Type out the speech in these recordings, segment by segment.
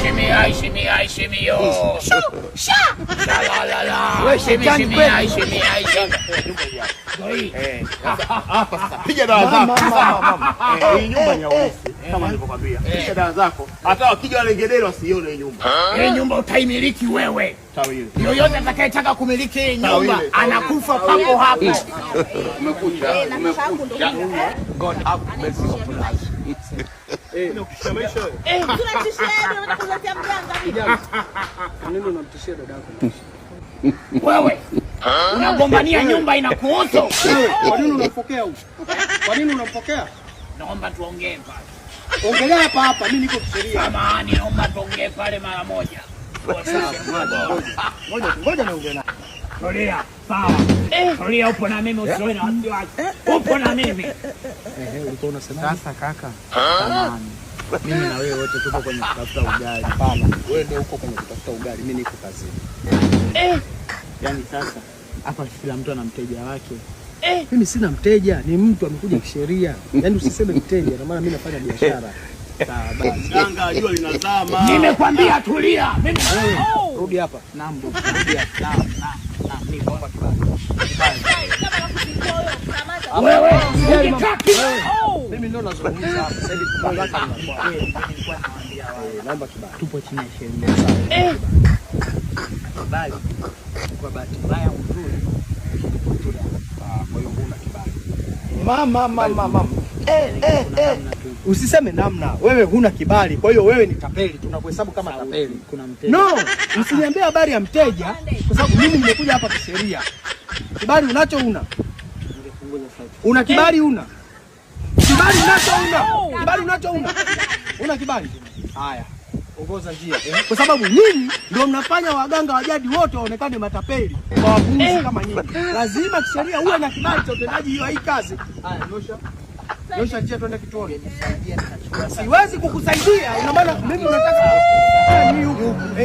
shimmy, I shimmy, I shimmy, yo. Shoo, sha, sha la la la. shimmy, shimmy, I shimmy, I shimmy. Eh, kama eh. nilivyokwambia, eh. kisha dawa zako, hata wakija walengedere wasione nyumba. Hii nyumba utaimiliki wewe, yoyote atakayetaka kumiliki hii nyumba anakufa papo hapo. Wewe unagombania nyumba inakuoto Kwa nini unampokea? Kwa nini unampokea? naomba tuongee pale. Ongelea hapa hapa, mimi niko kisheria. Samahani, naomba tuongee pale mara moja. Ngoja ngoja naongea sawa. upo na mimi usiwe na wasiwasi. Upo na mimi. ulikuwa unasema sasa kaka. Samahani. Mimi na wewe wote tuko kwenye kutafuta ugali. Pala, wewe ndio uko kwenye kutafuta ugali, mimi niko kazini. Eh. Yaani sasa hapa kila mtu ana mteja wake eh, mimi sina mteja, ni mtu amekuja kisheria. Yaani usiseme mteja, na maana mimi nafanya biashara. Sawa, jua linazama. Nimekwambia tulia. Mimi rudi hapa. Naam, rudi hapa. Naam, naam, ni kwamba kibali. Eh, oh. mimi ndio nazungumza hapa. Sasa hivi eh, naomba kibali. Tupo chini ya sheria. Kibali. Eh. Kwa bahati mbaya mama mama mama, eh eh eh, usiseme namna. Wewe huna kibali, kwa hiyo wewe ni tapeli, tunakuhesabu kama tapeli. Kuna mteja? No, usiniambie habari ya mteja, kwa sababu mimi nimekuja hapa kisheria. Kibali unacho una una kibali una kibali unacho una kibali unacho una una kibali. Haya ongoza njia eh? Kwa sababu nini? ndio mnafanya waganga wa jadi wote waonekane matapeli kwa wapuuzi eh, kama nyinyi. Lazima kisheria uwe na kibali cha utendaji hiyo hii kazi. Haya, nyosha nyosha njia twende kituoni. Siwezi kukusaidia, una maana mimi nataka ni huko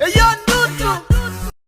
you young